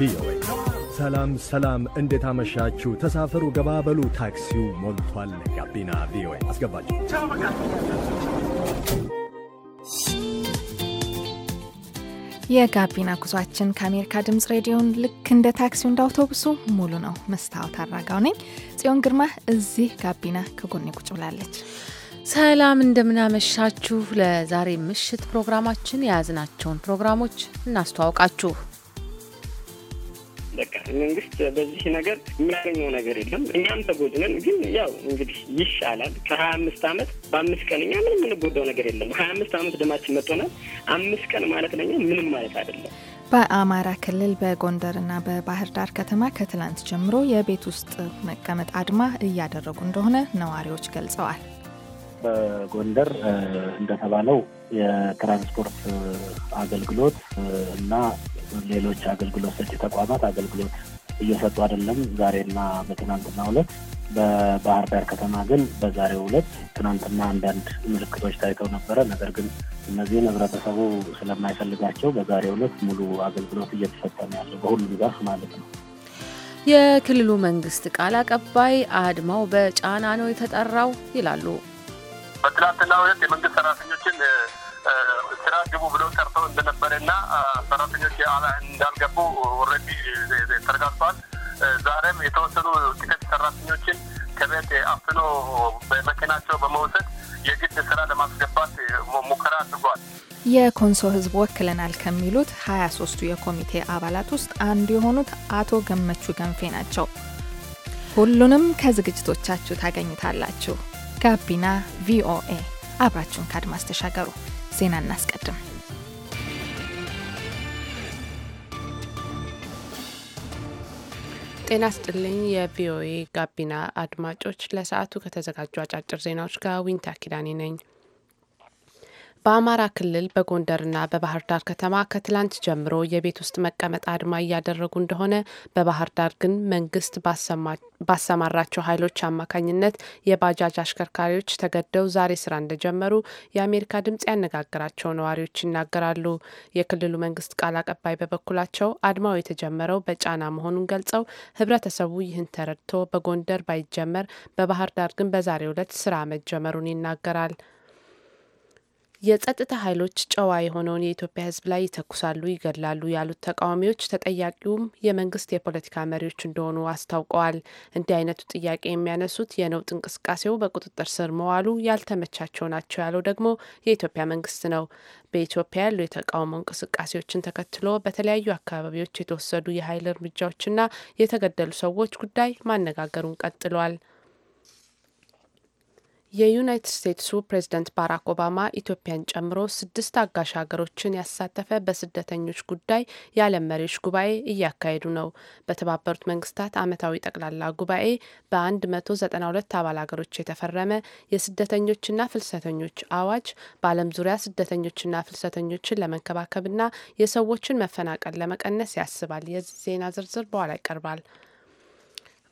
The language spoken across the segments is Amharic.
ቪኦኤ። ሰላም ሰላም፣ እንዴት አመሻችሁ? ተሳፈሩ፣ ገባበሉ፣ ታክሲው ሞልቷል። ጋቢና ቪኦኤ አስገባችሁ። የጋቢና ጉዟችን ከአሜሪካ ድምፅ ሬዲዮን ልክ እንደ ታክሲው እንደ አውቶቡሱ ሙሉ ነው። መስታወት አራጋው ነኝ ጽዮን ግርማ እዚህ ጋቢና ከጎኔ ቁጭ ብላለች። ሰላም እንደምናመሻችሁ። ለዛሬ ምሽት ፕሮግራማችን የያዝናቸውን ፕሮግራሞች እናስተዋውቃችሁ። በቃ መንግስት በዚህ ነገር የሚያገኘው ነገር የለም። እኛም ተጎድነን፣ ግን ያው እንግዲህ ይሻላል። ከሀያ አምስት አመት በአምስት ቀን እኛ ምንም የምንጎዳው ነገር የለም። ሀያ አምስት አመት ደማችን መጥቶናል። አምስት ቀን ማለት ለኛ ምንም ማለት አይደለም። በአማራ ክልል በጎንደርና በባህር ዳር ከተማ ከትላንት ጀምሮ የቤት ውስጥ መቀመጥ አድማ እያደረጉ እንደሆነ ነዋሪዎች ገልጸዋል። በጎንደር እንደተባለው የትራንስፖርት አገልግሎት እና ሌሎች አገልግሎት ሰጪ ተቋማት አገልግሎት እየሰጡ አይደለም። ዛሬና በትናንትና ሁለት በባህር ዳር ከተማ ግን በዛሬው ሁለት ትናንትና አንዳንድ ምልክቶች ታይተው ነበረ። ነገር ግን እነዚህ ህብረተሰቡ ስለማይፈልጋቸው በዛሬው ሁለት ሙሉ አገልግሎት እየተሰጠ ነው ያለው በሁሉም ዛፍ ማለት ነው። የክልሉ መንግስት ቃል አቀባይ አድማው በጫና ነው የተጠራው ይላሉ። በትናንትና ሁለት የመንግስት ሰራተኞችን ስራ ግቡ ብለው ጠርተው እና ሰራተኞች እንዳልገቡ ኦልሬዲ ተረጋግጧል። ዛሬም የተወሰኑ ጥቂት ሰራተኞችን ከቤት አፍኖ በመኪናቸው በመውሰድ የግድ ስራ ለማስገባት ሙከራ አድርጓል። የኮንሶ ህዝብ ወክለናል ከሚሉት ሀያ ሶስቱ የኮሚቴ አባላት ውስጥ አንዱ የሆኑት አቶ ገመቹ ገንፌ ናቸው። ሁሉንም ከዝግጅቶቻችሁ ታገኙታላችሁ። ጋቢና ቪኦኤ አብራችሁን ከአድማስ ተሻገሩ። ዜና እናስቀድም። ጤና ስጥልኝ። የቪኦኤ ጋቢና አድማጮች፣ ለሰዓቱ ከተዘጋጁ አጫጭር ዜናዎች ጋር ዊንታ ኪዳኔ ነኝ። በአማራ ክልል በጎንደርና በባህር ዳር ከተማ ከትላንት ጀምሮ የቤት ውስጥ መቀመጥ አድማ እያደረጉ እንደሆነ፣ በባህር ዳር ግን መንግስት ባሰማራቸው ኃይሎች አማካኝነት የባጃጅ አሽከርካሪዎች ተገደው ዛሬ ስራ እንደጀመሩ የአሜሪካ ድምጽ ያነጋገራቸው ነዋሪዎች ይናገራሉ። የክልሉ መንግስት ቃል አቀባይ በበኩላቸው አድማው የተጀመረው በጫና መሆኑን ገልጸው ህብረተሰቡ ይህን ተረድቶ በጎንደር ባይጀመር፣ በባህር ዳር ግን በዛሬው ዕለት ስራ መጀመሩን ይናገራል። የጸጥታ ኃይሎች ጨዋ የሆነውን የኢትዮጵያ ሕዝብ ላይ ይተኩሳሉ፣ ይገድላሉ ያሉት ተቃዋሚዎች ተጠያቂውም የመንግስት የፖለቲካ መሪዎች እንደሆኑ አስታውቀዋል። እንዲህ አይነቱ ጥያቄ የሚያነሱት የነውጥ እንቅስቃሴው በቁጥጥር ስር መዋሉ ያልተመቻቸው ናቸው ያለው ደግሞ የኢትዮጵያ መንግስት ነው። በኢትዮጵያ ያሉ የተቃውሞ እንቅስቃሴዎችን ተከትሎ በተለያዩ አካባቢዎች የተወሰዱ የኃይል እርምጃዎችና የተገደሉ ሰዎች ጉዳይ ማነጋገሩን ቀጥሏል። የዩናይትድ ስቴትሱ ፕሬዝደንት ባራክ ኦባማ ኢትዮጵያን ጨምሮ ስድስት አጋሽ ሀገሮችን ያሳተፈ በስደተኞች ጉዳይ የዓለም መሪዎች ጉባኤ እያካሄዱ ነው። በተባበሩት መንግስታት ዓመታዊ ጠቅላላ ጉባኤ በ192 አባል ሀገሮች የተፈረመ የስደተኞችና ፍልሰተኞች አዋጅ በዓለም ዙሪያ ስደተኞችና ፍልሰተኞችን ለመንከባከብና የሰዎችን መፈናቀል ለመቀነስ ያስባል። የዚህ ዜና ዝርዝር በኋላ ይቀርባል።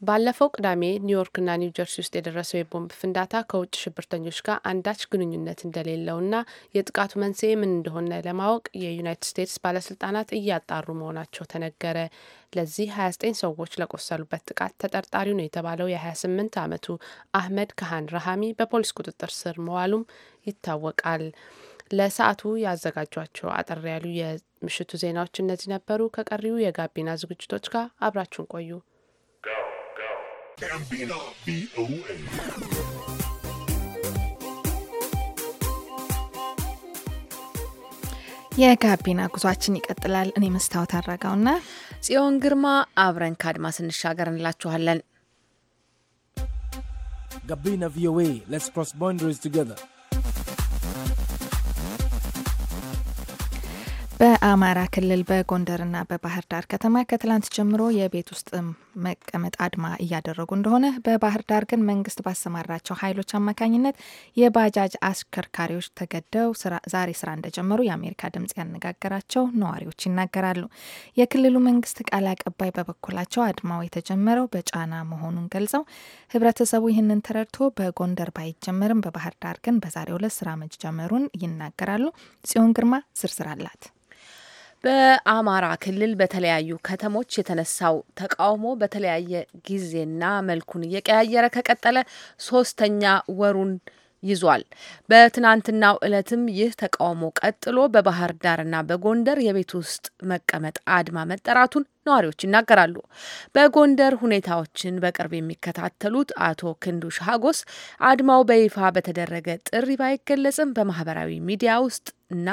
ባለፈው ቅዳሜ ኒውዮርክና ኒውጀርሲ ውስጥ የደረሰው የቦምብ ፍንዳታ ከውጭ ሽብርተኞች ጋር አንዳች ግንኙነት እንደሌለውና የጥቃቱ መንስኤ ምን እንደሆነ ለማወቅ የዩናይትድ ስቴትስ ባለስልጣናት እያጣሩ መሆናቸው ተነገረ። ለዚህ 29 ሰዎች ለቆሰሉበት ጥቃት ተጠርጣሪው ነው የተባለው የ28 ዓመቱ አህመድ ካህን ረሃሚ በፖሊስ ቁጥጥር ስር መዋሉም ይታወቃል። ለሰዓቱ ያዘጋጇቸው አጠር ያሉ የምሽቱ ዜናዎች እነዚህ ነበሩ። ከቀሪው የጋቢና ዝግጅቶች ጋር አብራችሁን ቆዩ። ጋቢና ቪኦኤ የጋቢና ጉዟችን ይቀጥላል። እኔ መስታወት አረጋውና ጽዮን ግርማ አብረን ከአድማስ እንሻገር እንላችኋለን። ጋቢና ቪኦኤ ሌትስ ክሮስ ቦንደሪስ ቱጌዘር በአማራ ክልል በጎንደርና በባህር ዳር ከተማ ከትላንት ጀምሮ የቤት ውስጥ መቀመጥ አድማ እያደረጉ እንደሆነ፣ በባህር ዳር ግን መንግስት ባሰማራቸው ኃይሎች አማካኝነት የባጃጅ አሽከርካሪዎች ተገደው ዛሬ ስራ እንደጀመሩ የአሜሪካ ድምጽ ያነጋገራቸው ነዋሪዎች ይናገራሉ። የክልሉ መንግስት ቃል አቀባይ በበኩላቸው አድማው የተጀመረው በጫና መሆኑን ገልጸው ህብረተሰቡ ይህንን ተረድቶ በጎንደር ባይጀመርም በባህር ዳር ግን በዛሬው ዕለት ስራ መጀመሩን ይናገራሉ። ጽዮን ግርማ ዝርዝር አላት። በአማራ ክልል በተለያዩ ከተሞች የተነሳው ተቃውሞ በተለያየ ጊዜና መልኩን እየቀያየረ ከቀጠለ ሶስተኛ ወሩን ይዟል። በትናንትናው ዕለትም ይህ ተቃውሞ ቀጥሎ በባህር ዳርና በጎንደር የቤት ውስጥ መቀመጥ አድማ መጠራቱን ነዋሪዎች ይናገራሉ። በጎንደር ሁኔታዎችን በቅርብ የሚከታተሉት አቶ ክንዱ ሀጎስ አድማው በይፋ በተደረገ ጥሪ ባይገለጽም በማህበራዊ ሚዲያ ውስጥ እና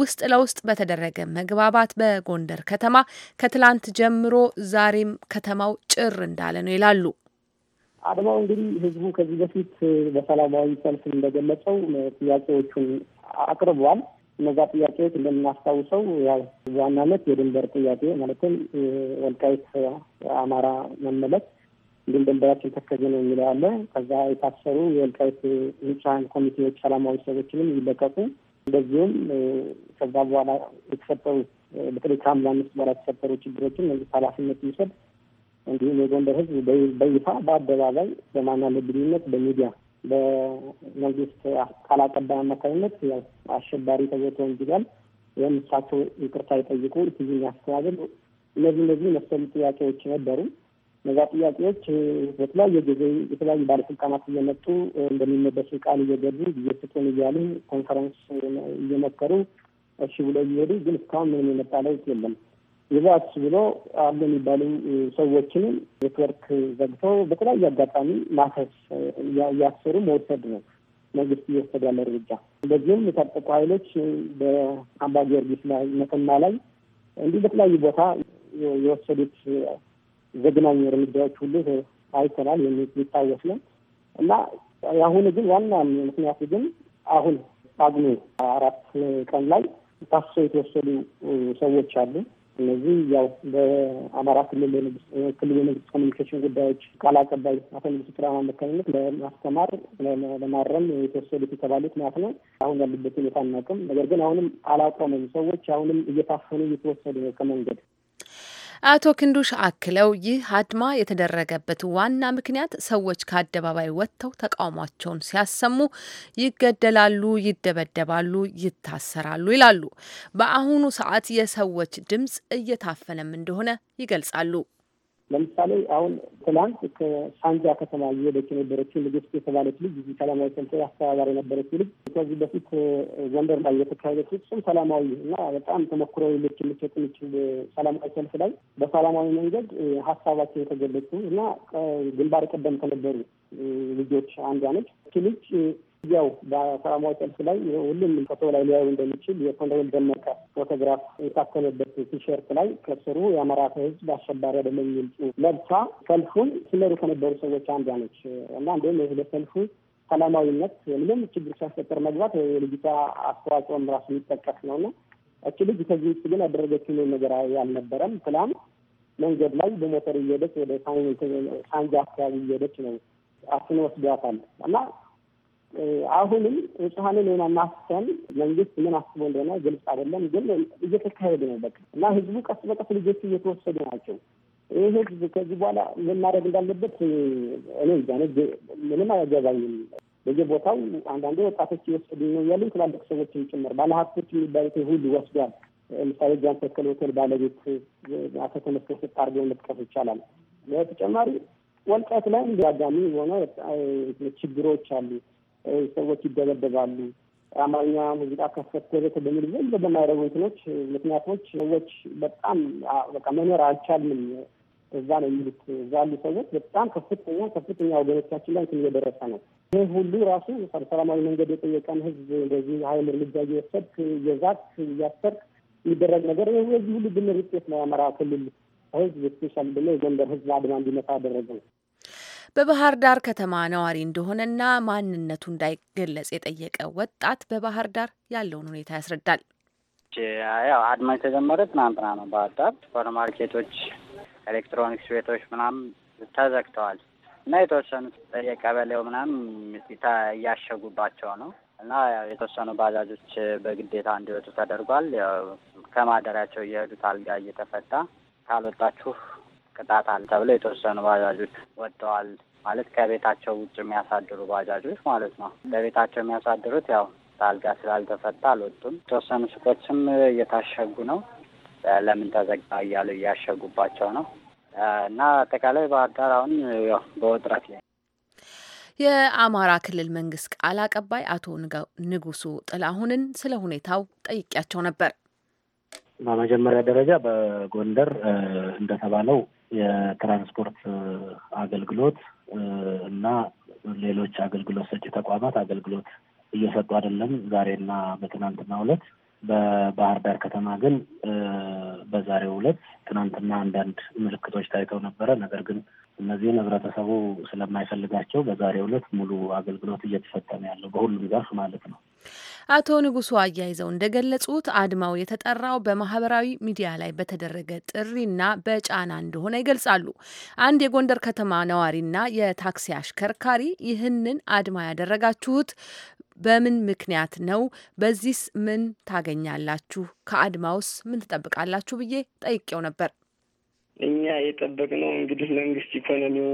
ውስጥ ለውስጥ በተደረገ መግባባት በጎንደር ከተማ ከትላንት ጀምሮ ዛሬም ከተማው ጭር እንዳለ ነው ይላሉ። አድማው እንግዲህ ህዝቡ ከዚህ በፊት በሰላማዊ ሰልፍ እንደገለጸው ጥያቄዎቹን አቅርቧል። እነዛ ጥያቄዎች እንደምናስታውሰው ያው በዋናነት የድንበር ጥያቄ ማለትም ወልቃይት አማራ መመለስ እንዲሁም ድንበራችን ተከዜ ነው የሚለው አለ። ከዛ የታሰሩ የወልቃይት ንጹሐን ኮሚቴዎች ሰላማዊ ሰዎችንም ይለቀቁ፣ እንደዚሁም ከዛ በኋላ የተፈጠሩ በተለይ ከሐምሌ አምስት በኋላ የተፈጠሩ ችግሮችን መንግስት ኃላፊነት ይውሰድ እንዲሁም የጎንደር ህዝብ በይፋ በአደባባይ በማና ለግንኙነት በሚዲያ በመንግስት ቃል አቀባይ አማካኝነት አሸባሪ ተጎቶ እንዲጋል ወይም እሳቸው ይቅርታ ይጠይቁ ትዝኝ ያስተባብል እነዚህ እነዚህ መሰሉ ጥያቄዎች ነበሩ። እነዛ ጥያቄዎች በተለያየ ጊዜ የተለያዩ ባለስልጣናት እየመጡ እንደሚመደሱ ቃል እየገቡ ጊዜ እያሉ ኮንፈረንስ እየመከሩ እሺ ብሎ እየሄዱ ግን እስካሁን ምንም የመጣ ለውጥ የለም። ይዛት ብሎ አሉ የሚባሉ ሰዎችንም ኔትወርክ ዘግተው በተለያየ አጋጣሚ ማፈስ እያሰሩ መውሰድ ነው መንግስት እየወሰደ ያለ እርምጃ። እንደዚህም የታጠቁ ኃይሎች በአምባ ጊዮርጊስ ላይ መተማ ላይ እንዲህ በተለያዩ ቦታ የወሰዱት ዘግናኝ እርምጃዎች ሁሉ አይተናል፣ የሚታወስ ነው እና የአሁኑ ግን ዋና ምክንያቱ ግን አሁን ጳጉሜ አራት ቀን ላይ ታፍሰው የተወሰዱ ሰዎች አሉ እነዚህ ያው በአማራ ክልል ክልል የመንግስት ኮሚኒኬሽን ጉዳዮች ቃል አቀባይ አቶ ንጉሱ ጥራማ መካኝነት ለማስተማር ለማረም የተወሰዱት የተባሉት ማለት ነው። አሁን ያሉበት ሁኔታ አናውቅም። ነገር ግን አሁንም አላቆመም። ሰዎች አሁንም እየታፈኑ እየተወሰዱ ነው ከመንገድ አቶ ክንዱሽ አክለው ይህ አድማ የተደረገበት ዋና ምክንያት ሰዎች ከአደባባይ ወጥተው ተቃውሟቸውን ሲያሰሙ ይገደላሉ፣ ይደበደባሉ፣ ይታሰራሉ ይላሉ። በአሁኑ ሰዓት የሰዎች ድምጽ እየታፈነም እንደሆነ ይገልጻሉ። ለምሳሌ አሁን ትናንት ከሳንጃ ከተማ እየሄደች የነበረችው ንግስት የተባለች ልጅ እዚህ ሰላማዊ ሰልፍ አስተባባሪ የነበረች ልጅ ከዚህ በፊት ጎንደር ላይ የተካሄደ ፍጹም ሰላማዊ እና በጣም ተሞክሮ ልች ልቸት የሚችል ሰላማዊ ሰልፍ ላይ በሰላማዊ መንገድ ሀሳባቸው የተገለጹ እና ግንባር ቀደም ከነበሩ ልጆች አንዷ ነች። ልጅ ያው በሰላማዊ ሰልፍ ላይ ሁሉም ፎቶ ላይ ሊያዩ እንደሚችል የኮሎኔል ደመቀ ፎቶግራፍ የታተመበት ቲሸርት ላይ ከስሩ የአማራ ህዝብ አሸባሪ አይደለም የሚል ጽሑፍ ለብሳ ሰልፉን ስመሩ ከነበሩ ሰዎች አንዷ ነች እና እንዲሁም ይህ ለሰልፉ ሰላማዊነት ምንም ችግር ሲያስፈጠር መግባት የልጅቷ አስተዋጽኦም ራሱ የሚጠቀስ ነው እና እቺ ልጅ ከዚህ ውጭ ግን ያደረገችው ነገር አልነበረም። ፕላን መንገድ ላይ በሞተር እየሄደች ወደ ሳንጃ አካባቢ እየሄደች ነው አፍኖ ወስዷታል እና አሁንም ንጹሐንን የማማሰን መንግስት ምን አስቦ እንደሆነ ግልጽ አይደለም፣ ግን እየተካሄደ ነው በቃ እና ህዝቡ ቀስ በቀስ ልጆቹ እየተወሰዱ ናቸው። ይህ ህዝብ ከዚህ በኋላ ምን ማድረግ እንዳለበት እኔ ዛኔ ምንም አያገባኝም። በየቦታው አንዳንዴ ወጣቶች እየወሰዱ ነው ያሉ ትላልቅ ሰዎችም ጭምር ባለሀብቶች የሚባሉት ሁሉ ወስዷል። ለምሳሌ ጃን ተከል ሆቴል ባለቤት አቶ ተመስገን ስታርገው መጥቀስ ይቻላል። በተጨማሪ ወልቃይት ላይ እንደ አጋሚ የሆነ ችግሮች አሉ። ሰዎች ይደበደባሉ። አማርኛ ሙዚቃ ከፈተቤት በሚል ዘንድ በማይረጉ እንትኖች ምክንያቶች ሰዎች በጣም በቃ መኖር አልቻልንም። እዛ ነው የሚሉት እዛ ያሉ ሰዎች በጣም ከፍተኛ ከፍተኛ ወገኖቻችን ላይ እንትን እየደረሰ ነው። ይህ ሁሉ ራሱ ሰላማዊ መንገድ የጠየቀን ህዝብ እንደዚህ ሀይል እርምጃ እየወሰድክ እየዛት እያሰርክ የሚደረግ ነገር ይህ ሁሉ ድምር ውጤት ነው። የአማራ ክልል ህዝብ ስፔሻል ብሎ የጎንደር ህዝብ አድማ እንዲመታ አደረገ ነው። በባህር ዳር ከተማ ነዋሪ እንደሆነና ማንነቱ እንዳይገለጽ የጠየቀ ወጣት በባህር ዳር ያለውን ሁኔታ ያስረዳል። ያው አድማ የተጀመረ ትናንትና ነው። ባህር ዳር ሱፐር ማርኬቶች፣ ኤሌክትሮኒክስ ቤቶች ምናምን ተዘግተዋል እና የተወሰኑት የቀበሌው ምናምን እያሸጉባቸው ነው እና የተወሰኑ ባጃጆች በግዴታ እንዲወጡ ተደርጓል። ከማደሪያቸው እየሄዱት አልጋ እየተፈታ ካልወጣችሁ ቅጣት አለ ተብሎ የተወሰኑ ባጃጆች ወጥተዋል። ማለት ከቤታቸው ውጭ የሚያሳድሩ ባጃጆች ማለት ነው። ለቤታቸው የሚያሳድሩት ያው ታልጋ ስላልተፈታ አልወጡም። የተወሰኑ ሱቆችም እየታሸጉ ነው። ለምን ተዘጋ እያሉ እያሸጉባቸው ነው። እና አጠቃላይ ባህር ዳር አሁን በውጥረት ላይ የአማራ ክልል መንግስት ቃል አቀባይ አቶ ንጉሱ ጥላሁንን ስለ ሁኔታው ጠይቂያቸው ነበር። በመጀመሪያ ደረጃ በጎንደር እንደተባለው የትራንስፖርት አገልግሎት እና ሌሎች አገልግሎት ሰጪ ተቋማት አገልግሎት እየሰጡ አይደለም። ዛሬና በትናንትና ሁለት በባህር ዳር ከተማ ግን በዛሬው ሁለት ትናንትና አንዳንድ ምልክቶች ታይተው ነበረ። ነገር ግን እነዚህን ህብረተሰቡ ስለማይፈልጋቸው በዛሬው ሁለት ሙሉ አገልግሎት እየተሰጠ ነው ያለው በሁሉም ዘርፍ ማለት ነው። አቶ ንጉሱ አያይዘው እንደገለጹት አድማው የተጠራው በማህበራዊ ሚዲያ ላይ በተደረገ ጥሪና በጫና እንደሆነ ይገልጻሉ። አንድ የጎንደር ከተማ ነዋሪና የታክሲ አሽከርካሪ ይህንን አድማ ያደረጋችሁት በምን ምክንያት ነው? በዚህስ ምን ታገኛላችሁ? ከአድማውስ ምን ትጠብቃላችሁ? ብዬ ጠይቄው ነበር። እኛ የጠበቅነው እንግዲህ መንግስት ኢኮኖሚው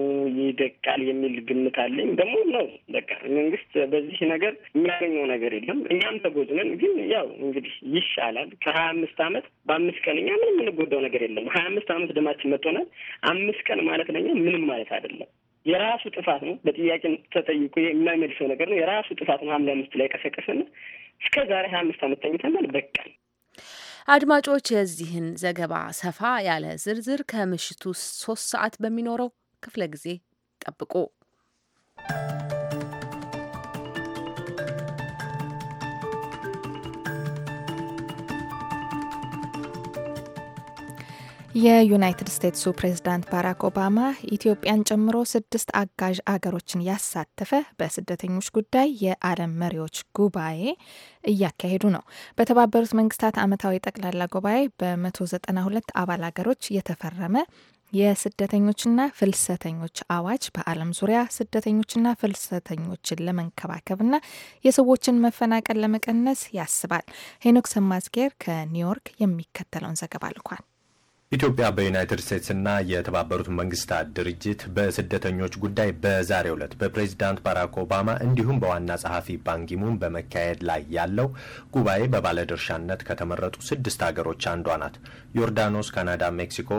ይደቃል የሚል ግምት አለኝ። ደግሞ ነው በቃ መንግስት በዚህ ነገር የሚያገኘው ነገር የለም። እኛም ተጎድነን፣ ግን ያው እንግዲህ ይሻላል። ከሀያ አምስት አመት በአምስት ቀን እኛ ምንም የምንጎዳው ነገር የለም። ሀያ አምስት አመት ደማችን መጥቶናል። አምስት ቀን ማለት ለኛ ምንም ማለት አይደለም። የራሱ ጥፋት ነው። በጥያቄ ተጠይቆ የማይመልሰው ነገር ነው። የራሱ ጥፋት ነው። ሐምሌ አምስት ላይ ቀሰቀሰና እስከ ዛሬ ሀያ አምስት አመት ተኝተናል። በቃ አድማጮች የዚህን ዘገባ ሰፋ ያለ ዝርዝር ከምሽቱ ሶስት ሰዓት በሚኖረው ክፍለ ጊዜ ጠብቁ። የዩናይትድ ስቴትሱ ፕሬዝዳንት ባራክ ኦባማ ኢትዮጵያን ጨምሮ ስድስት አጋዥ አገሮችን ያሳተፈ በስደተኞች ጉዳይ የዓለም መሪዎች ጉባኤ እያካሄዱ ነው። በተባበሩት መንግስታት ዓመታዊ ጠቅላላ ጉባኤ በ192 አባል አገሮች የተፈረመ የስደተኞችና ፍልሰተኞች አዋጅ በዓለም ዙሪያ ስደተኞችና ፍልሰተኞችን ለመንከባከብና የሰዎችን መፈናቀል ለመቀነስ ያስባል። ሄኖክ ሰማዝጌር ከኒውዮርክ የሚከተለውን ዘገባ ልኳል። ኢትዮጵያ በዩናይትድ ስቴትስና የተባበሩት መንግስታት ድርጅት በስደተኞች ጉዳይ በዛሬው ዕለት በፕሬዚዳንት ባራክ ኦባማ እንዲሁም በዋና ጸሐፊ ባንኪሙን በመካሄድ ላይ ያለው ጉባኤ በባለድርሻነት ከተመረጡ ስድስት ሀገሮች አንዷ ናት። ዮርዳኖስ፣ ካናዳ፣ ሜክሲኮ፣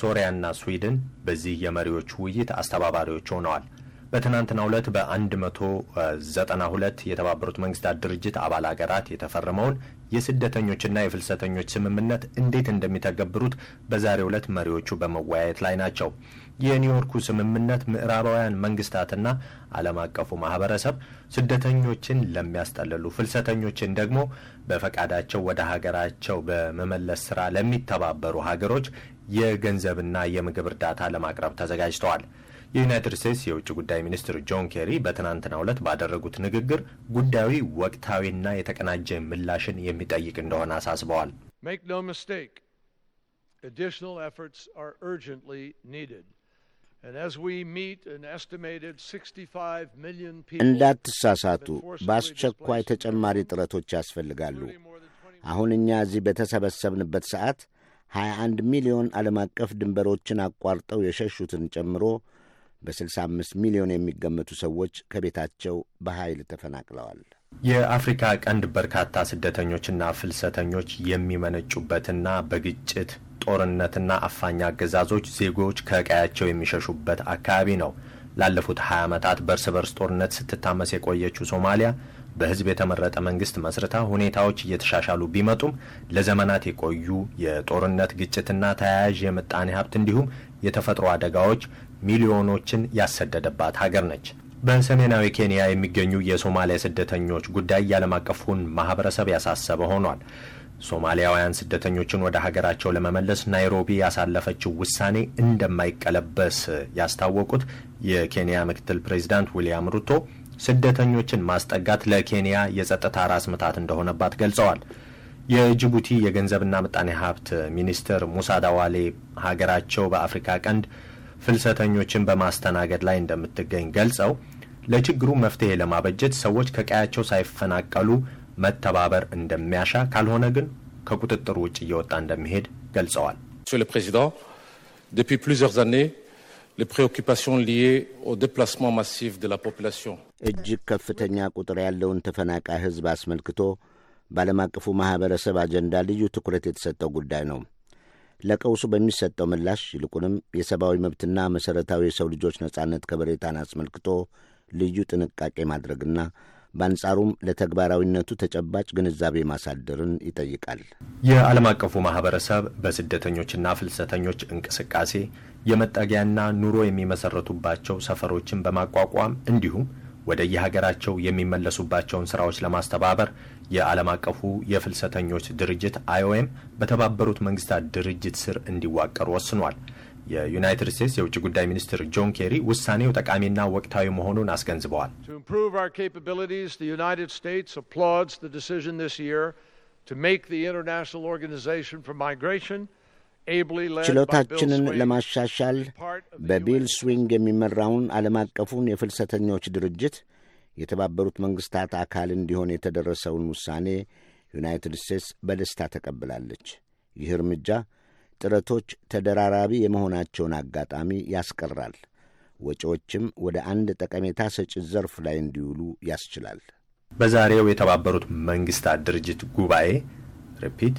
ሶሪያና ስዊድን በዚህ የመሪዎች ውይይት አስተባባሪዎች ሆነዋል። በትናንትና ሁለት በ192 የተባበሩት መንግስታት ድርጅት አባል ሀገራት የተፈረመውን የስደተኞችና የፍልሰተኞች ስምምነት እንዴት እንደሚተገብሩት በዛሬው ዕለት መሪዎቹ በመወያየት ላይ ናቸው። የኒውዮርኩ ስምምነት ምዕራባውያን መንግስታትና ዓለም አቀፉ ማህበረሰብ ስደተኞችን ለሚያስጠልሉ፣ ፍልሰተኞችን ደግሞ በፈቃዳቸው ወደ ሀገራቸው በመመለስ ስራ ለሚተባበሩ ሀገሮች የገንዘብና የምግብ እርዳታ ለማቅረብ ተዘጋጅተዋል። የዩናይትድ ስቴትስ የውጭ ጉዳይ ሚኒስትር ጆን ኬሪ በትናንትናው ዕለት ባደረጉት ንግግር ጉዳዩ ወቅታዊና የተቀናጀ ምላሽን የሚጠይቅ እንደሆነ አሳስበዋል። እንዳትሳሳቱ፣ በአስቸኳይ ተጨማሪ ጥረቶች ያስፈልጋሉ። አሁን እኛ እዚህ በተሰበሰብንበት ሰዓት 21 ሚሊዮን ዓለም አቀፍ ድንበሮችን አቋርጠው የሸሹትን ጨምሮ በ65 ሚሊዮን የሚገመቱ ሰዎች ከቤታቸው በኃይል ተፈናቅለዋል። የአፍሪካ ቀንድ በርካታ ስደተኞችና ፍልሰተኞች የሚመነጩበትና በግጭት ጦርነትና አፋኝ አገዛዞች ዜጎች ከቀያቸው የሚሸሹበት አካባቢ ነው። ላለፉት 20 ዓመታት በእርስ በርስ ጦርነት ስትታመስ የቆየችው ሶማሊያ በህዝብ የተመረጠ መንግስት መስርታ ሁኔታዎች እየተሻሻሉ ቢመጡም ለዘመናት የቆዩ የጦርነት ግጭትና ተያያዥ የምጣኔ ሀብት እንዲሁም የተፈጥሮ አደጋዎች ሚሊዮኖችን ያሰደደባት ሀገር ነች። በሰሜናዊ ኬንያ የሚገኙ የሶማሊያ ስደተኞች ጉዳይ ያለም አቀፉን ማህበረሰብ ያሳሰበ ሆኗል። ሶማሊያውያን ስደተኞችን ወደ ሀገራቸው ለመመለስ ናይሮቢ ያሳለፈችው ውሳኔ እንደማይቀለበስ ያስታወቁት የኬንያ ምክትል ፕሬዚዳንት ዊልያም ሩቶ ስደተኞችን ማስጠጋት ለኬንያ የጸጥታ ራስ ምታት እንደሆነባት ገልጸዋል። የጅቡቲ የገንዘብና ምጣኔ ሀብት ሚኒስትር ሙሳ ዳዋሌ ሀገራቸው በአፍሪካ ቀንድ ፍልሰተኞችን በማስተናገድ ላይ እንደምትገኝ ገልጸው ለችግሩ መፍትሄ ለማበጀት ሰዎች ከቀያቸው ሳይፈናቀሉ መተባበር እንደሚያሻ ካልሆነ ግን ከቁጥጥር ውጭ እየወጣ እንደሚሄድ ገልጸዋል። እጅግ ከፍተኛ ቁጥር ያለውን ተፈናቃይ ሕዝብ አስመልክቶ በዓለም አቀፉ ማኅበረሰብ አጀንዳ ልዩ ትኩረት የተሰጠው ጉዳይ ነው። ለቀውሱ በሚሰጠው ምላሽ ይልቁንም የሰብአዊ መብትና መሠረታዊ የሰው ልጆች ነጻነት ከበሬታን አስመልክቶ ልዩ ጥንቃቄ ማድረግና በአንጻሩም ለተግባራዊነቱ ተጨባጭ ግንዛቤ ማሳደርን ይጠይቃል። የዓለም አቀፉ ማህበረሰብ በስደተኞችና ፍልሰተኞች እንቅስቃሴ የመጠጊያና ኑሮ የሚመሰረቱባቸው ሰፈሮችን በማቋቋም እንዲሁም ወደ የሀገራቸው የሚመለሱባቸውን ስራዎች ለማስተባበር የዓለም አቀፉ የፍልሰተኞች ድርጅት አይኦኤም በተባበሩት መንግስታት ድርጅት ስር እንዲዋቀሩ ወስኗል። የዩናይትድ ስቴትስ የውጭ ጉዳይ ሚኒስትር ጆን ኬሪ ውሳኔው ጠቃሚና ወቅታዊ መሆኑን አስገንዝበዋል። ችሎታችንን ለማሻሻል በቢል ስዊንግ የሚመራውን ዓለም አቀፉን የፍልሰተኞች ድርጅት የተባበሩት መንግሥታት አካል እንዲሆን የተደረሰውን ውሳኔ ዩናይትድ ስቴትስ በደስታ ተቀብላለች። ይህ እርምጃ ጥረቶች ተደራራቢ የመሆናቸውን አጋጣሚ ያስቀራል፣ ወጪዎችም ወደ አንድ ጠቀሜታ ሰጪ ዘርፍ ላይ እንዲውሉ ያስችላል። በዛሬው የተባበሩት መንግሥታት ድርጅት ጉባኤ ሪፒት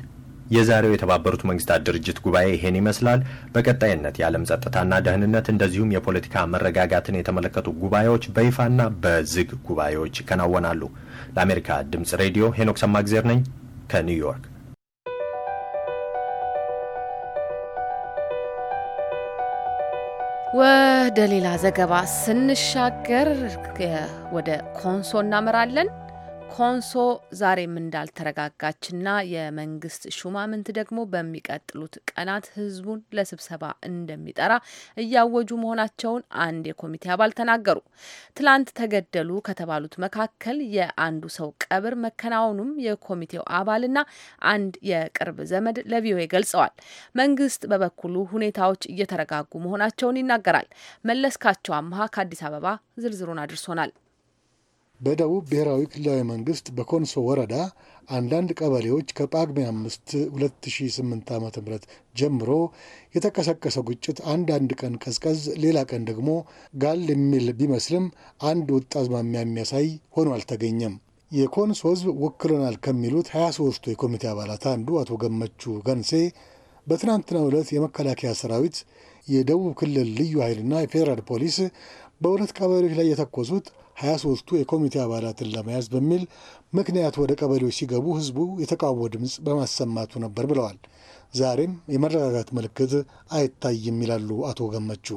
የዛሬው የተባበሩት መንግስታት ድርጅት ጉባኤ ይሄን ይመስላል። በቀጣይነት የዓለም ጸጥታና ደህንነት እንደዚሁም የፖለቲካ መረጋጋትን የተመለከቱ ጉባኤዎች በይፋና በዝግ ጉባኤዎች ይከናወናሉ። ለአሜሪካ ድምፅ ሬዲዮ ሄኖክ ሰማግዜር ነኝ ከኒውዮርክ። ወደ ሌላ ዘገባ ስንሻገር ወደ ኮንሶ እናመራለን። ኮንሶ ዛሬም እንዳልተረጋጋችና የመንግስት ሹማምንት ደግሞ በሚቀጥሉት ቀናት ህዝቡን ለስብሰባ እንደሚጠራ እያወጁ መሆናቸውን አንድ የኮሚቴ አባል ተናገሩ። ትላንት ተገደሉ ከተባሉት መካከል የአንዱ ሰው ቀብር መከናወኑም የኮሚቴው አባልና አንድ የቅርብ ዘመድ ለቪኦኤ ገልጸዋል። መንግስት በበኩሉ ሁኔታዎች እየተረጋጉ መሆናቸውን ይናገራል። መለስካቸው አምሃ ከአዲስ አበባ ዝርዝሩን አድርሶናል። በደቡብ ብሔራዊ ክልላዊ መንግስት በኮንሶ ወረዳ አንዳንድ ቀበሌዎች ከጳግሜ 5 2008 ዓ ም ጀምሮ የተቀሰቀሰው ግጭት አንዳንድ ቀን ቀዝቀዝ፣ ሌላ ቀን ደግሞ ጋል የሚል ቢመስልም አንድ ወጥ አዝማሚያ የሚያሳይ ሆኖ አልተገኘም። የኮንሶ ህዝብ ወክለናል ከሚሉት 23ቱ የኮሚቴ አባላት አንዱ አቶ ገመቹ ገንሴ በትናንትናው ዕለት የመከላከያ ሰራዊት የደቡብ ክልል ልዩ ኃይልና የፌዴራል ፖሊስ በሁለት ቀበሌዎች ላይ የተኮሱት ሀያ ሶስቱ የኮሚቴ አባላትን ለመያዝ በሚል ምክንያት ወደ ቀበሌዎች ሲገቡ ህዝቡ የተቃውሞ ድምፅ በማሰማቱ ነበር ብለዋል። ዛሬም የመረጋጋት ምልክት አይታይም ይላሉ አቶ ገመቹ።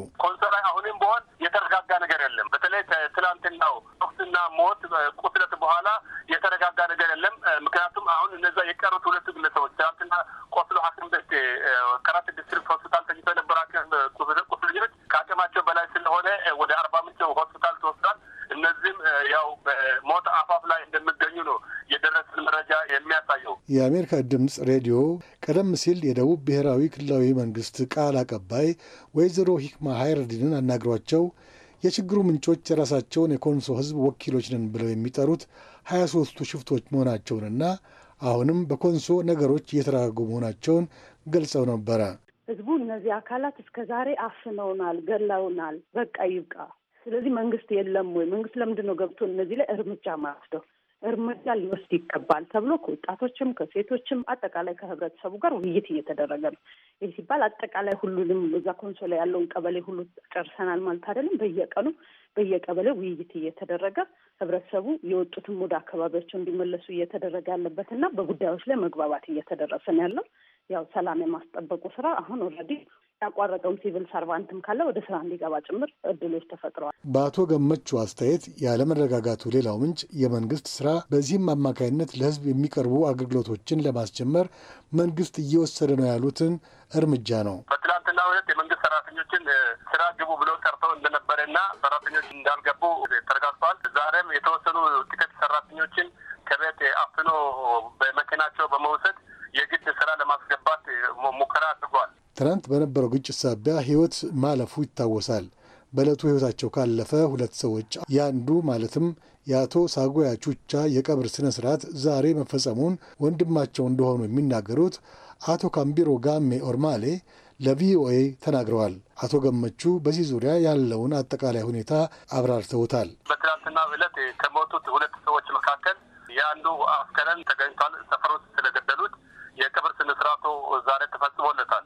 ነገር የለም። በተለይ ትላንትናው ወቅትና ሞት ቁስለት በኋላ የተረጋጋ ነገር የለም። ምክንያቱም አሁን እነዛ የቀሩት ሁለቱ ግለሰቦች ትላንትና ቆስሎ ሐኪም ቤት ከራት ዲስትሪክት ሆስፒታል ተኝቶ የነበረ ቁስለኞች ከአቅማቸው በላይ ስለሆነ ወደ አርባ ምንጭ ሆስፒታል ተወስዷል። እነዚህም ያው ሞት አፋፍ ላይ እንደሚገኙ ነው የደረስን መረጃ የሚያሳየው። የአሜሪካ ድምፅ ሬዲዮ ቀደም ሲል የደቡብ ብሔራዊ ክልላዊ መንግስት ቃል አቀባይ ወይዘሮ ሂክማ ሀይረዲንን አናግሯቸው የችግሩ ምንጮች የራሳቸውን የኮንሶ ህዝብ ወኪሎች ነን ብለው የሚጠሩት ሀያ ሶስቱ ሽፍቶች መሆናቸውንና አሁንም በኮንሶ ነገሮች እየተረጋጉ መሆናቸውን ገልጸው ነበረ። ህዝቡ እነዚህ አካላት እስከ ዛሬ አፍነውናል፣ ገላውናል፣ በቃ ይብቃ። ስለዚህ መንግስት የለም ወይ? መንግስት ለምንድን ነው ገብቶ እነዚህ ላይ እርምጃ ማስደው እርምጃ ሊወስድ ይገባል ተብሎ ከወጣቶችም ከሴቶችም አጠቃላይ ከህብረተሰቡ ጋር ውይይት እየተደረገ ነው። ይህ ሲባል አጠቃላይ ሁሉንም እዛ ኮንሶ ላይ ያለውን ቀበሌ ሁሉ ጨርሰናል ማለት አይደለም። በየቀኑ በየቀበሌው ውይይት እየተደረገ ህብረተሰቡ የወጡትም ወደ አካባቢያቸው እንዲመለሱ እየተደረገ ያለበት እና በጉዳዮች ላይ መግባባት እየተደረሰን ያለው ያው ሰላም የማስጠበቁ ስራ አሁን ኦልሬዲ ያቋረጠውን ሲቪል ሰርቫንትም ካለ ወደ ስራ እንዲገባ ጭምር እድሎች ተፈጥረዋል። በአቶ ገመቹ አስተያየት ያለመረጋጋቱ ሌላው ምንጭ የመንግስት ስራ፣ በዚህም አማካይነት ለህዝብ የሚቀርቡ አገልግሎቶችን ለማስጀመር መንግስት እየወሰደ ነው ያሉትን እርምጃ ነው። በትላንትና ሁለት የመንግስት ሰራተኞችን ስራ ግቡ ብለው ጠርተው እንደነበረና ሰራተኞች እንዳልገቡ ተረጋግጧል። ዛሬም የተወሰኑ ጥቂት ሰራተኞችን ከቤት አፍኖ በመኪናቸው በመውሰድ የግድ ለማስገባት ሙከራ አድርጓል። ትናንት በነበረው ግጭት ሳቢያ ህይወት ማለፉ ይታወሳል። በዕለቱ ህይወታቸው ካለፈ ሁለት ሰዎች የአንዱ ማለትም የአቶ ሳጎያ ቹቻ የቀብር ስነ ስርዓት ዛሬ መፈጸሙን ወንድማቸው እንደሆኑ የሚናገሩት አቶ ካምቢሮ ጋሜ ኦርማሌ ለቪኦኤ ተናግረዋል። አቶ ገመቹ በዚህ ዙሪያ ያለውን አጠቃላይ ሁኔታ አብራርተውታል። በትናንትና ዕለት ከሞቱት ሁለት ሰዎች መካከል የአንዱ አስከሬን ተገኝቷል። ሰፈሮች ስለገደሉት ስነ ስነስርዓቱ ዛሬ ተፈጽሞለታል።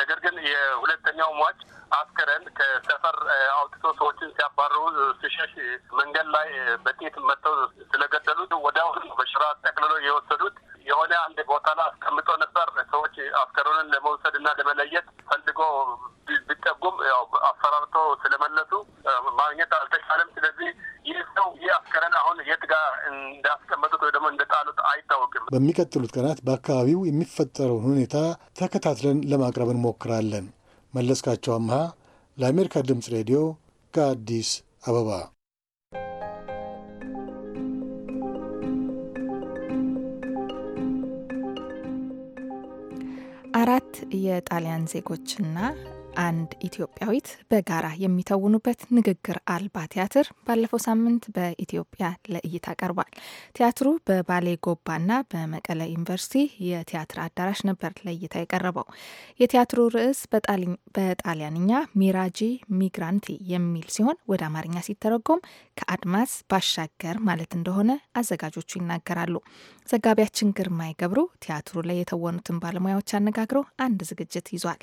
ነገር ግን የሁለተኛው ሟች አስከረን ከሰፈር አውጥቶ ሰዎችን ሲያባሩ ሲሸሽ መንገድ ላይ በጤት መጥተው ስለገደሉት ወዲያውኑ በሽራ ጠቅልሎ የወሰዱት የሆነ አንድ ቦታ ላይ አስቀምጦ ነበር። ሰዎች አስከሬኑን ለመውሰድ እና ለመለየት ፈልጎ ቢጠጉም ያው አፈራርቶ ስለመለሱ ማግኘት አልተቻለም። ስለዚህ ይህ ሰው ይህ አስከሬን አሁን የት ጋር እንዳስቀመጡት ወይ ደግሞ እንደጣሉት አይታወቅም። በሚቀጥሉት ቀናት በአካባቢው የሚፈጠረውን ሁኔታ ተከታትለን ለማቅረብ እንሞክራለን። መለስካቸው አምሃ ለአሜሪካ ድምፅ ሬዲዮ ከአዲስ አበባ አራት የጣሊያን ዜጎችና አንድ ኢትዮጵያዊት በጋራ የሚተውኑበት ንግግር አልባ ቲያትር ባለፈው ሳምንት በኢትዮጵያ ለእይታ ቀርቧል። ቲያትሩ በባሌ ጎባና በመቀለ ዩኒቨርሲቲ የቲያትር አዳራሽ ነበር ለእይታ የቀረበው። የቲያትሩ ርዕስ በጣሊያንኛ ሚራጂ ሚግራንቲ የሚል ሲሆን ወደ አማርኛ ሲተረጎም ከአድማስ ባሻገር ማለት እንደሆነ አዘጋጆቹ ይናገራሉ። ዘጋቢያችን ግርማይ ገብሩ ቲያትሩ ላይ የተወኑትን ባለሙያዎች አነጋግረው አንድ ዝግጅት ይዟል።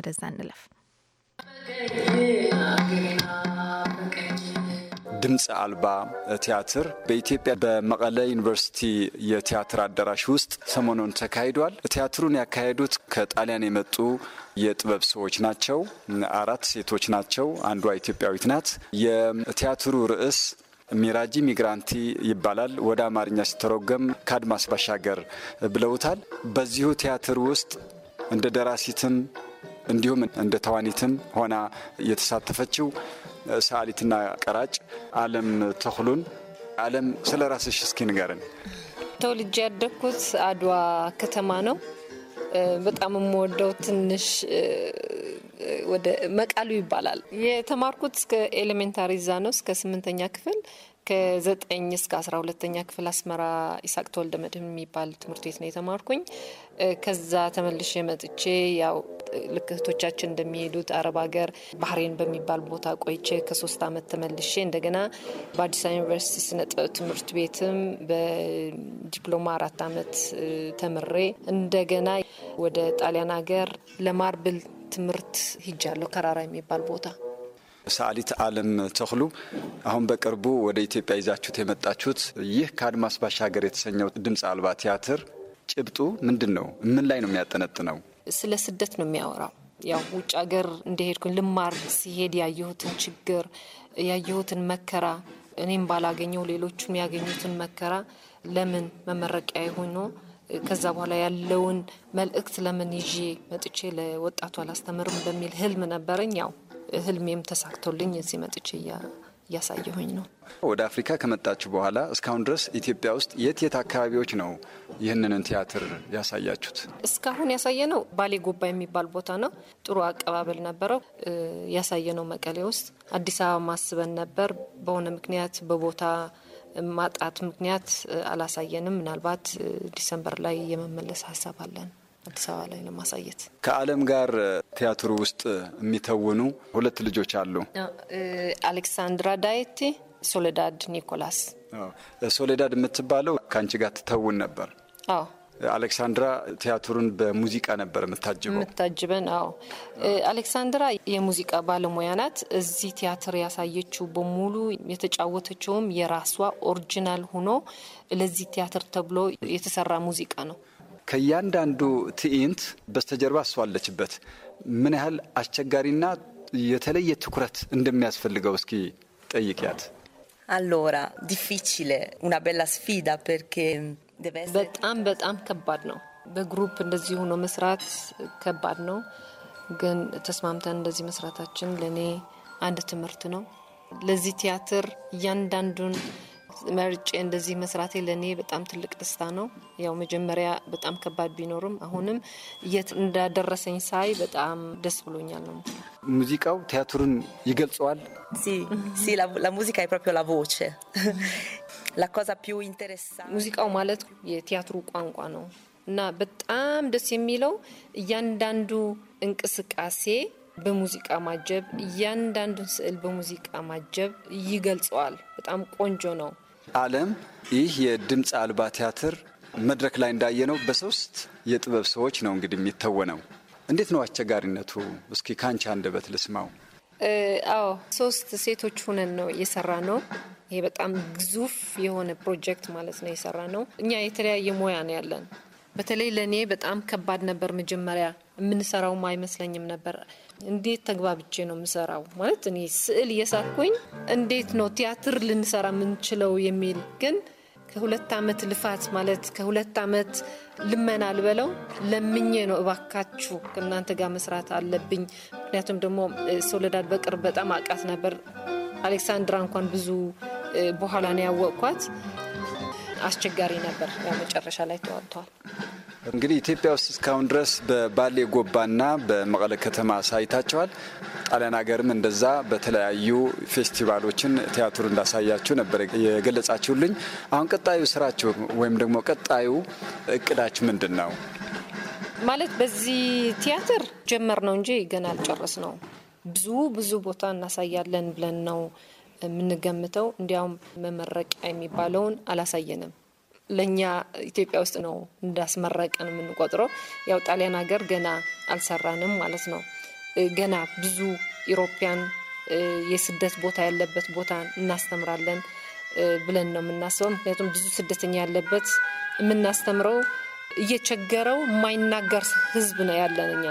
ወደዛ እንለፍ። ድምፅ አልባ ቲያትር በኢትዮጵያ በመቀለ ዩኒቨርሲቲ የቲያትር አዳራሽ ውስጥ ሰሞኑን ተካሂዷል። ቲያትሩን ያካሄዱት ከጣሊያን የመጡ የጥበብ ሰዎች ናቸው። አራት ሴቶች ናቸው። አንዷ ኢትዮጵያዊት ናት። የቲያትሩ ርዕስ ሚራጂ ሚግራንቲ ይባላል። ወደ አማርኛ ሲተረጎም ከአድማስ ባሻገር ብለውታል። በዚሁ ቲያትር ውስጥ እንደ ደራሲትም እንዲሁም እንደ ተዋኒትም ሆና የተሳተፈችው ሰዓሊትና ቀራጭ አለም ተክሉን። አለም ስለ ራስሽ እስኪ ንገርን። ተወልጄ ያደግኩት አድዋ ከተማ ነው። በጣም የምወደው ትንሽ ወደ መቃሉ ይባላል። የተማርኩት እስከ ኤሌሜንታሪ ዛ ነው እስከ ስምንተኛ ክፍል ከዘጠኝ እስከ አስራ ሁለተኛ ክፍል አስመራ ኢሳቅ ተወልደ መድህን የሚባል ትምህርት ቤት ነው የተማርኩኝ። ከዛ ተመልሼ መጥቼ ያው ልክ እህቶቻችን እንደሚሄዱት አረብ ሀገር ባህሬን በሚባል ቦታ ቆይቼ ከሶስት አመት ተመልሼ እንደገና በአዲስ አበባ ዩኒቨርሲቲ ስነ ጥበብ ትምህርት ቤትም በዲፕሎማ አራት አመት ተምሬ እንደገና ወደ ጣሊያን ሀገር ለማርብል ትምህርት ሂጃለሁ ከራራ የሚባል ቦታ። ሰዓሊት አለም ተክሉ አሁን በቅርቡ ወደ ኢትዮጵያ ይዛችሁት የመጣችሁት ይህ ከአድማስ ባሻገር የተሰኘው ድምፅ አልባ ቲያትር ጭብጡ ምንድን ነው? ምን ላይ ነው የሚያጠነጥነው? ስለ ስደት ነው የሚያወራው። ያው ውጭ ሀገር እንደሄድኩኝ ልማር ሲሄድ ያየሁትን ችግር ያየሁትን መከራ እኔም ባላገኘው ሌሎቹም ያገኙትን መከራ ለምን መመረቂያ ሆኖ ከዛ በኋላ ያለውን መልእክት ለምን ይዤ መጥቼ ለወጣቱ አላስተምርም በሚል ህልም ነበረኝ። ያው ህልሜም ተሳክቶልኝ እዚህ መጥቼ እያሳየሁኝ ነው። ወደ አፍሪካ ከመጣችሁ በኋላ እስካሁን ድረስ ኢትዮጵያ ውስጥ የት የት አካባቢዎች ነው ይህንን ቲያትር ያሳያችሁት? እስካሁን ያሳየነው ባሌ ጎባ የሚባል ቦታ ነው። ጥሩ አቀባበል ነበረው። ያሳየነው መቀሌ ውስጥ፣ አዲስ አበባ ማስበን ነበር። በሆነ ምክንያት በቦታ ማጣት ምክንያት አላሳየንም። ምናልባት ዲሰምበር ላይ የመመለስ ሀሳብ አለን አዲስ አበባ ላይ ለማሳየት ከአለም ጋር ቲያትሩ ውስጥ የሚተውኑ ሁለት ልጆች አሉ። አሌክሳንድራ ዳየቴ፣ ሶሌዳድ ኒኮላስ። ሶሌዳድ የምትባለው ከአንቺ ጋር ትተውን ነበር። አዎ አሌክሳንድራ ቲያትሩን በሙዚቃ ነበር የምታጅበው። የምታጅበን? አዎ። አሌክሳንድራ የሙዚቃ ባለሙያ ናት። እዚህ ቲያትር ያሳየችው በሙሉ የተጫወተችውም የራሷ ኦሪጂናል ሆኖ ለዚህ ቲያትር ተብሎ የተሰራ ሙዚቃ ነው። ከእያንዳንዱ ትዕይንት በስተጀርባ እሷ አለችበት። ምን ያህል አስቸጋሪና የተለየ ትኩረት እንደሚያስፈልገው እስኪ ጠይቅያት። አሎራ ዲፊችለ ና ቤላ ስፊዳ ፐርኬ በጣም በጣም ከባድ ነው። በግሩፕ እንደዚህ ሆኖ መስራት ከባድ ነው፣ ግን ተስማምተን እንደዚህ መስራታችን ለእኔ አንድ ትምህርት ነው። ለዚህ ቲያትር እያንዳንዱን መርጬ እንደዚህ መስራቴ ለእኔ በጣም ትልቅ ደስታ ነው። ያው መጀመሪያ በጣም ከባድ ቢኖርም አሁንም የት እንዳደረሰኝ ሳይ በጣም ደስ ብሎኛል ነው። ሙዚቃው ቲያትሩን ይገልጸዋል። ሲ ሲ ሙዚቃ የፕሮፕዮ ሙዚቃው ማለት የቲያትሩ ቋንቋ ነው እና በጣም ደስ የሚለው እያንዳንዱ እንቅስቃሴ በሙዚቃ ማጀብ፣ እያንዳንዱን ስዕል በሙዚቃ ማጀብ ይገልጸዋል። በጣም ቆንጆ ነው። ዓለም ይህ የድምፅ አልባ ቲያትር መድረክ ላይ እንዳየነው በሶስት የጥበብ ሰዎች ነው እንግዲህ የሚተወነው። እንዴት ነው አስቸጋሪነቱ? እስኪ ካንቺ አንደበት ልስማው። አዎ ሶስት ሴቶች ሁነን ነው እየሰራ ነው። ይሄ በጣም ግዙፍ የሆነ ፕሮጀክት ማለት ነው የሰራ ነው። እኛ የተለያየ ሙያ ነው ያለን። በተለይ ለእኔ በጣም ከባድ ነበር። መጀመሪያ የምንሰራውም አይመስለኝም ነበር። እንዴት ተግባብቼ ነው የምሰራው? ማለት እኔ ስዕል እየሳኩኝ እንዴት ነው ቲያትር ልንሰራ የምንችለው የሚል ግን ከሁለት ዓመት ልፋት ማለት ከሁለት ዓመት ልመና ልበለው ለምኜ ነው እባካችሁ ከእናንተ ጋር መስራት አለብኝ። ምክንያቱም ደግሞ ሶለዳድ በቅርብ በጣም አውቃት ነበር። አሌክሳንድራ እንኳን ብዙ በኋላ ነው ያወቅኳት። አስቸጋሪ ነበር። ያው መጨረሻ ላይ ተዋጥተዋል። እንግዲህ ኢትዮጵያ ውስጥ እስካሁን ድረስ በባሌ ጎባና በመቀለ ከተማ ሳይታቸዋል። ጣሊያን ሀገርም እንደዛ በተለያዩ ፌስቲቫሎችን ቲያትሩ እንዳሳያችሁ ነበር የገለጻችሁልኝ። አሁን ቀጣዩ ስራችሁ ወይም ደግሞ ቀጣዩ እቅዳችሁ ምንድን ነው? ማለት በዚህ ቲያትር ጀመር ነው እንጂ ገና አልጨረስ ነው። ብዙ ብዙ ቦታ እናሳያለን ብለን ነው የምንገምተው። እንዲያውም መመረቂያ የሚባለውን አላሳየንም። ለእኛ ኢትዮጵያ ውስጥ ነው እንዳስመረቀን የምንቆጥረው። ያው ጣሊያን ሀገር ገና አልሰራንም ማለት ነው። ገና ብዙ ኢሮፓያን የስደት ቦታ ያለበት ቦታ እናስተምራለን ብለን ነው የምናስበው። ምክንያቱም ብዙ ስደተኛ ያለበት የምናስተምረው እየቸገረው የማይናገር ህዝብ ነው ያለን እኛ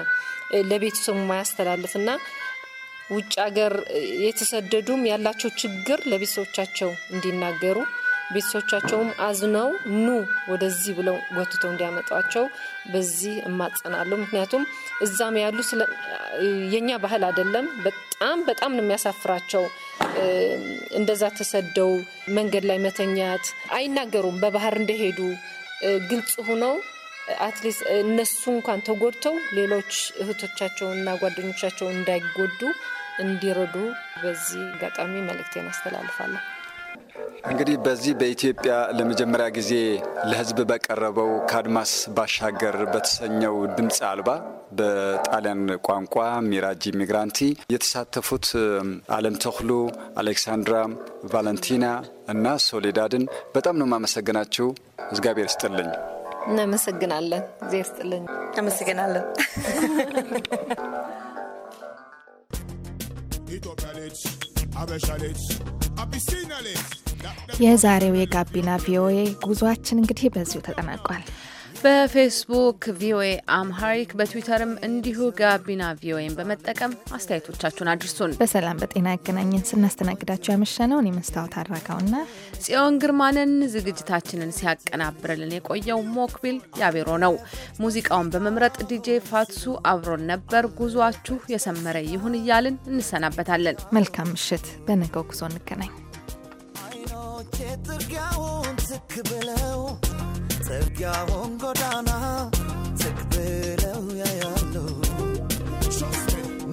ለቤተሰቡ የማያስተላልፍና ውጭ ሀገር የተሰደዱም ያላቸው ችግር ለቤተሰቦቻቸው እንዲናገሩ ቤተሰቦቻቸውም አዝነው ኑ ወደዚህ ብለው ጎትተው እንዲያመጧቸው በዚህ እማጸናለሁ። ምክንያቱም እዛም ያሉ የእኛ ባህል አይደለም። በጣም በጣም ነው የሚያሳፍራቸው። እንደዛ ተሰደው መንገድ ላይ መተኛት አይናገሩም። በባህር እንደሄዱ ግልጽ ሆነው አትሊስት እነሱ እንኳን ተጎድተው ሌሎች እህቶቻቸውና ጓደኞቻቸው እንዳይጎዱ እንዲረዱ በዚህ አጋጣሚ መልእክቴን አስተላልፋለሁ። እንግዲህ በዚህ በኢትዮጵያ ለመጀመሪያ ጊዜ ለሕዝብ በቀረበው ከአድማስ ባሻገር በተሰኘው ድምፅ አልባ በጣሊያን ቋንቋ ሚራጂ ሚግራንቲ የተሳተፉት አለም ተክሉ፣ አሌክሳንድራ፣ ቫለንቲና እና ሶሌዳድን በጣም ነው የማመሰግናችሁ። እግዚአብሔር ስጥልኝ። እናመሰግናለን። እግዚአብሔር ስጥልኝ። አመሰግናለን። የዛሬው የጋቢና ቪኦኤ ጉዟችን እንግዲህ በዚሁ ተጠናቋል። በፌስቡክ ቪኦኤ አምሃሪክ በትዊተርም እንዲሁ ጋቢና ቪኦኤን በመጠቀም አስተያየቶቻችሁን አድርሱን። በሰላም በጤና ያገናኘን። ስናስተናግዳችሁ ያመሸነውን የመስታወት አድራጋውና ጽዮን ግርማንን ዝግጅታችንን ሲያቀናብርልን የቆየው ሞክቢል ያቤሮ ነው። ሙዚቃውን በመምረጥ ዲጄ ፋትሱ አብሮን ነበር። ጉዟችሁ የሰመረ ይሁን እያልን እንሰናበታለን። መልካም ምሽት። በነገው ጉዞ እንገናኝ። አይኖቼ ጥርጊያውን ትክ ብለው የጽድቅያውን ጎዳና ዝግ ብለው ያያሉ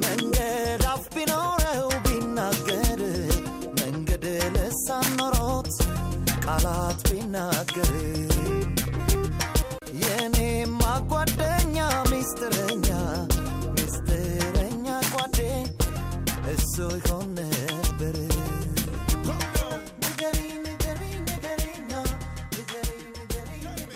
መንገድ አፍ ቢኖረው ቢናገር መንገድ ልሳን ቃላት ቢናገር የኔማ ጓደኛ ሚስጥረኛ ሚስጥረኛ ጓዴ እሱ ይሆን ነበር